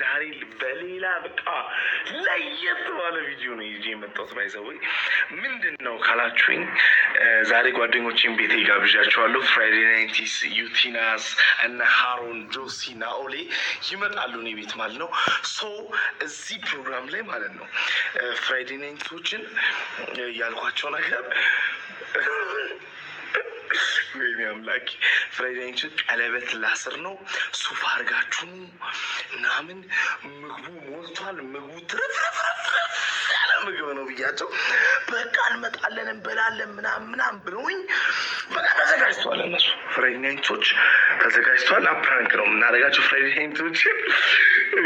ዛሬ በሌላ በቃ ለየት ባለ ቪዲዮ ነው ይዤ የመጣሁት። ባይዘው ምንድን ነው ካላችሁኝ፣ ዛሬ ጓደኞቼን ቤቴ ጋብዣቸዋለሁ። ፍራይዴ ናይንቲስ ዩቲናስ እና ሃሮን ጆሲ ናኦሌ ይመጣሉ እኔ ቤት ማለት ነው። ሶ እዚህ ፕሮግራም ላይ ማለት ነው ፍራይዴ ናይንቲሶችን ያልኳቸው ነገር ወይኔ አምላክ ፍራይዳይንችን ቀለበት ላስር ነው። ሱፍ አድርጋችሁ ምናምን ምግቡ ሞልቷል። ምግቡ ትረፍረፍረፍ ያለ ምግብ ነው ብያቸው፣ በቃ እንመጣለን እንበላለን ምናምን ምናምን ብለውኝ በቃ ተዘጋጅተዋል። እነሱ ፍራይዳይንቶች ተዘጋጅተዋል። አፕራንክ ነው የምናደርጋቸው ፍራይዳይንቶች።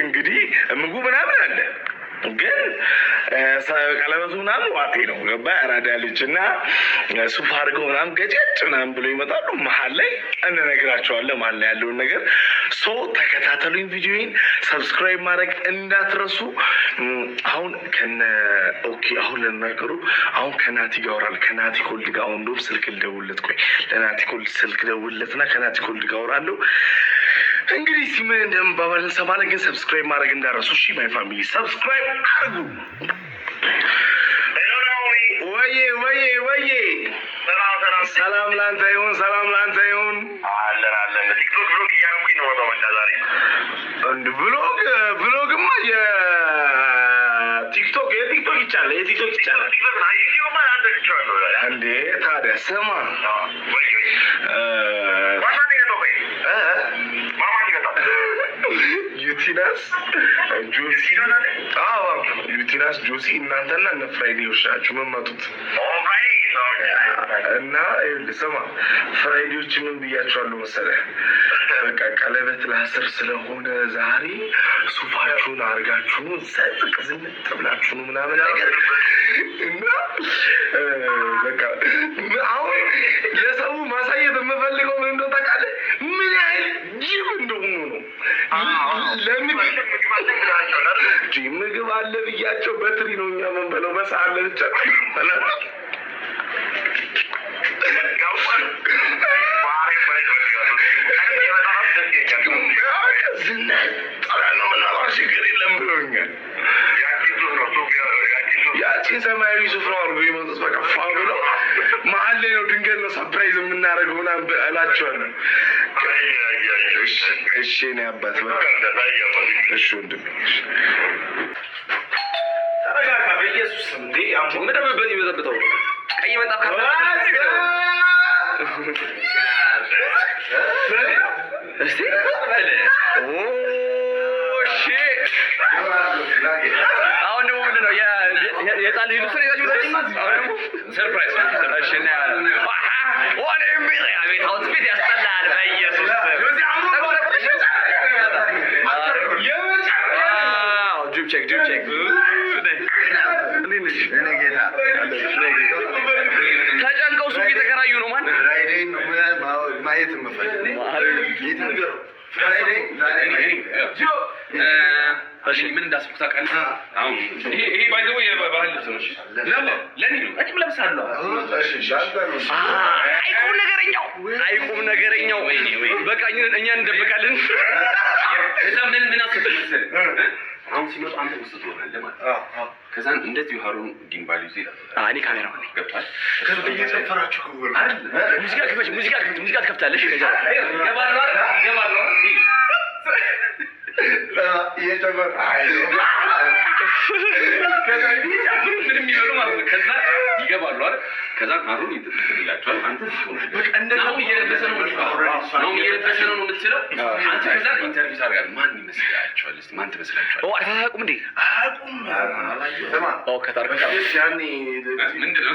እንግዲህ ምግቡ ምናምን አለ ግን ቀለበቱ ምናምን ዋቴ ነው ገባ ያራዳ ልጅ እና ሱፍ አድርገው ምናምን ገጨጭ ምናምን ብሎ ይመጣሉ። መሀል ላይ እንነግራቸዋለን መሀል ላይ ያለውን ነገር። ሶ ተከታተሉኝ፣ ቪዲዮን ሰብስክራይብ ማድረግ እንዳትረሱ። አሁን ከነ ኦኬ፣ አሁን ለነገሩ አሁን ከናቲ ጋር አወራል ከናቲ ኮልድ ጋር አሁን እንደውም ስልክ ልደውልለት፣ ቆይ ለናቲ ኮልድ ስልክ ደውልለትና ከናቲ ኮልድ ጋር አወራለሁ። እንግዲህ ሲምን እንደምባባል እንሰማለን። ግን ሰብስክራይብ ማድረግ እንዳረሱ። እሺ ማይ ፋሚሊ ሰብስክራይብ አድርጉ። ወዬ ወዬ ወዬ፣ ሰላም ላንተ ይሁን፣ ሰላም ላንተ ይሁን። አለን አለን። ቲክቶክ ብሎግ እያረኩኝ ነው። ወጣ በቃ ዛሬ እንድ ብሎግ ብሎግማ የቲክቶክ የቲክቶክ ይቻለ የቲክቶክ ይቻለ ማ ይቻለ እንዴ ታዲያ ስማ ዩቲናስ ጆሲ ዩቲናስ ጆሲ እናንተና እነ ፍራይዴ ናችሁ መመጡት እና ስማ ፍራይዴዎች ምን ብያቸዋሉ መሰለህ? በቃ ቀለበት ለአስር ስለሆነ ዛሬ ሱፋችሁን አድርጋችሁ ሰጥቅ ዝንጥ ብላችሁ ምናምን ነገር እና በቃ ያቸው በትሪ ነው እኛ የምንበለው በሰዓት ለብቻ ሰማያዊ ስፍራ አርጎ የመጡት በቃ መሀል ላይ ነው ድንገት ነው ሰፕራይዝ የምናደርገው ምናምን እላቸዋለሁ። እሺ እኔ አባት እሺ ወንድሜ በጋጋ በኢየሱስ እንዴ የምጠብበት የሚበጠብጠው ቀይ መጣፍ ካለ አሁን ደግሞ ምንድን ነው የህፃን ልጅ ልብስ ይዛችሁ ሰርፕራይዝ ቤት ያስጠላል በኢየሱስ ዱብ ቼክ ዱብ ቼክ ተጨንቀው ሱቅ የተከራዩ ነው ማን ማየት ምን እንዳስብኩ ታውቃለህ? ይሄ ባይዘው የባህል ልብስ ነው። ለእኔ ነው አይቁም ነገረኛው፣ አይቁም ነገረኛው። በቃ እኛ እንደበቃለን። ምን ምን አስብ መሰለህ አሁን ሲመጡ አንተ ውስጥ ትሆናለህ ማለት ከዛን እንደዚህ ሀሩን ዲምባል ይዞ እኔ ካሜራ ሆነ ገብቷል። እየጨፈራችሁ ሙዚቃ ክፈች፣ ሙዚቃ ክፈች፣ ሙዚቃ ትከፍታለሽ። ከዛ ይገባሉ አይደል? ከዛ ሀሩን ይላቸዋል። አንተ እየለበሰ ነው ነው የምትለው አንተ። ከዛ ኢንተርቪው ታደርጋለህ። ማን ይመስላቸዋል? እስኪ ማን ትመስላቸዋል? አታውቁም እንዴ? አያውቁም። ምንድን ነው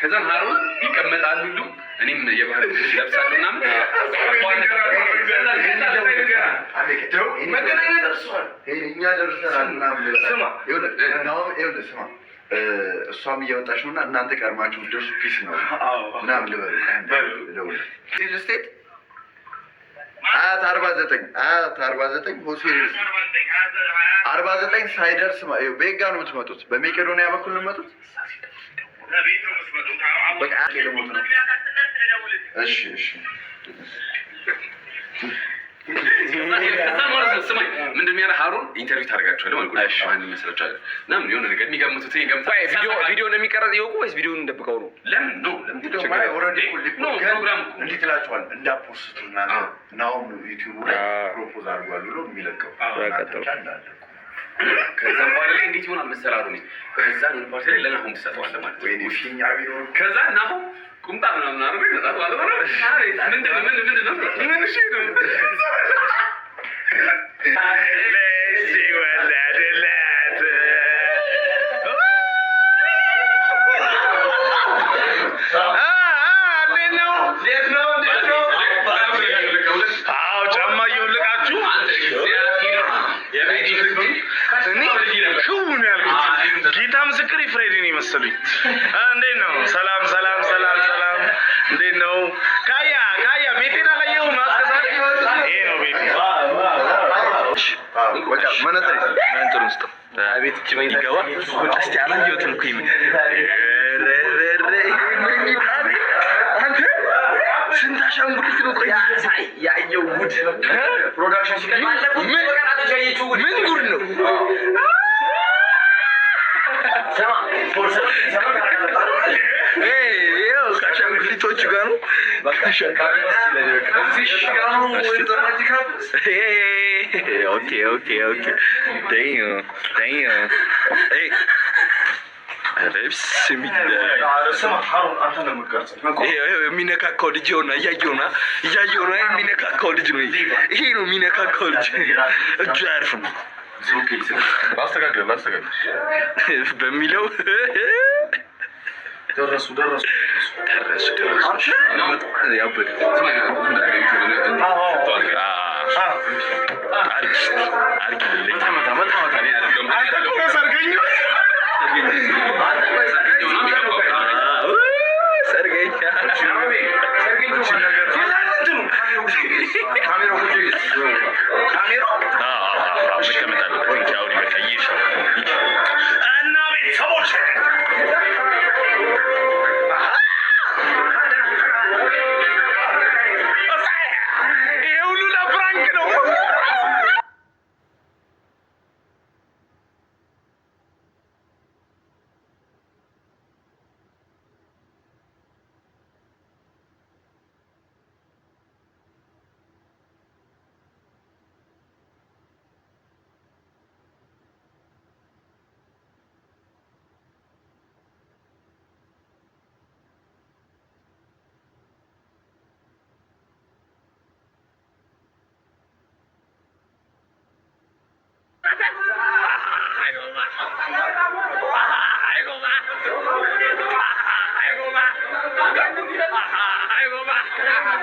ከዛን ሀሩን ይቀመጣል ሁሉ እኔም የባህል ልብስ ምናምን ምናምን እሷም እያወጣች ነው እና እናንተ ቀድማችሁ ደርሱ ፒስ ነው ምናምን ልበሉ ሪል ስቴት አያት አርባ ዘጠኝ አያት አርባ ዘጠኝ ሆሴሪስ አርባ ዘጠኝ ሳይደርስ ቤጋ ነው የምትመጡት። በሜቄዶኒያ በኩል ነው የምትመጡት ምንድን የሚያደርግ ሀሩን ኢንተርቪው ታደርጋቸዋለህ ቪዲዮ ነው የሚቀረጽ ይወቁ ወይስ ቪዲዮውን እንደብቀው ነው? ለምን ነው እንዴት እላቸዋለሁ እንዳፖስቱ እና አሁን ዩቲዩብ ላይ ፕሮፖዝ አድርጓል ብሎ የሚለቀው ከዛም በኋላ ላይ እንዴት ይሆናል መሰላሉ ነኝ። ከዛ ምን ላይ ለናሁም ትሰጠዋለህ ማለት ነው። ከዛ ናሁም ቁምጣ ምናምን አርቤ ይመጣል። ምንድን ነው ምንድን ነው ምን እሺ ነው መሰሉኝ። እንዴት ነው? ሰላም ሰላም ሰላም ሰላም። እንዴት ነው? ካያ ካያ ቤቴን አላየሁም። ማስከሳት ይሄ ነው ቤቴ። በቃ መነጥር መነጥር ውስጥ ቤት እቺ ምን ይገባ እስቲ አላየሁትም እኮ ይምን ስንት አሻንጉሊት ነው? ቆይ ያየው ጉድ ፕሮዳክሽን ሲቀር ምን ጉድ ነው? ከአሻንጉሊቶች ጋር ነው። ኦኬ የሚነካካው ልጅ ሆና እያየው ና እያየው ና የሚነካካው ልጅ ነው። ይሄ ነው የሚነካካው ልጅ እጁ አያርፍም። ላስተካክል ላስተካክል በሚለው ደረሱ ደረሱ ደረሱ ደረሱ ሰርገኛ Acho que é Logicamente,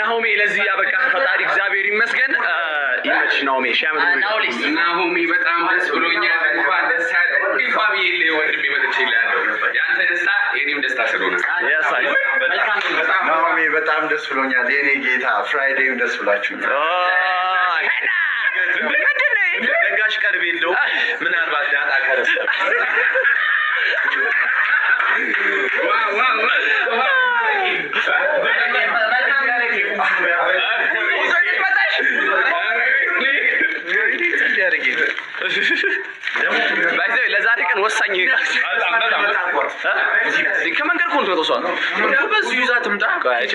ናሆሜ ለዚህ ያበቃ ፈጣሪ እግዚአብሔር ይመስገን። ይመች ናሆሜ ሺ ናሆሜ በጣም ደስ ብሎኛል። እንኳን ደስ ያለ ፋሚል ወንድም ይመጥች ይላለሁ። የአንተ ደስታ የኔም ደስታ ስለሆነ ናሆሜ በጣም ደስ ብሎኛል። የኔ ጌታ ፍራይዴም ደስ ብላችሁ ምንድነው ደጋሽ ቀርብ የለው ምናልባት ዳጣ ከረሰ ከመንገድ እኮ ነው ተሷል። በዚህ ይዛ ትምጣ አያት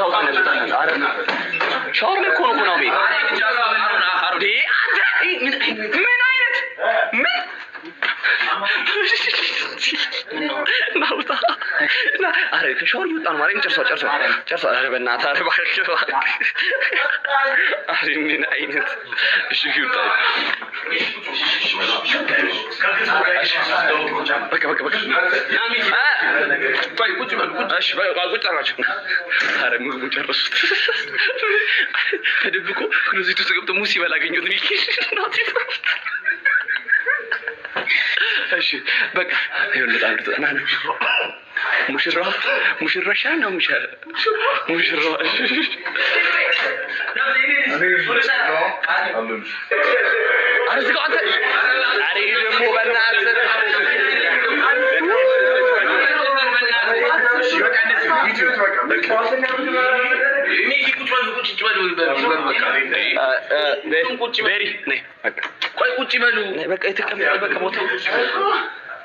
ሻወር እየወጣ ነው። ጨርሷ ጨርሷ ጨርሷ። ኧረ በእናትህ ኧረ እባክህ እባክህ። እኔን አይነት እሺ ይውጣ። በቃ በቃ በቃ። እሺ በቃ ቁጭ አላችሁ። ኧረ ምግቡ ጨረሱት። ተደብቆ ክሎዚት ውስጥ ገብቶ ሙስ ይበላ አገኘሁት ናት እሺ በቃ ይኸውልህ ጣሉት ና ሙሽራ ሙሽራሻ ነው ሙሽራ ሙሽራ ቁጭ በሉ በቃ የተቀመጠ በቃ ቦታው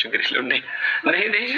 ችግር የለውም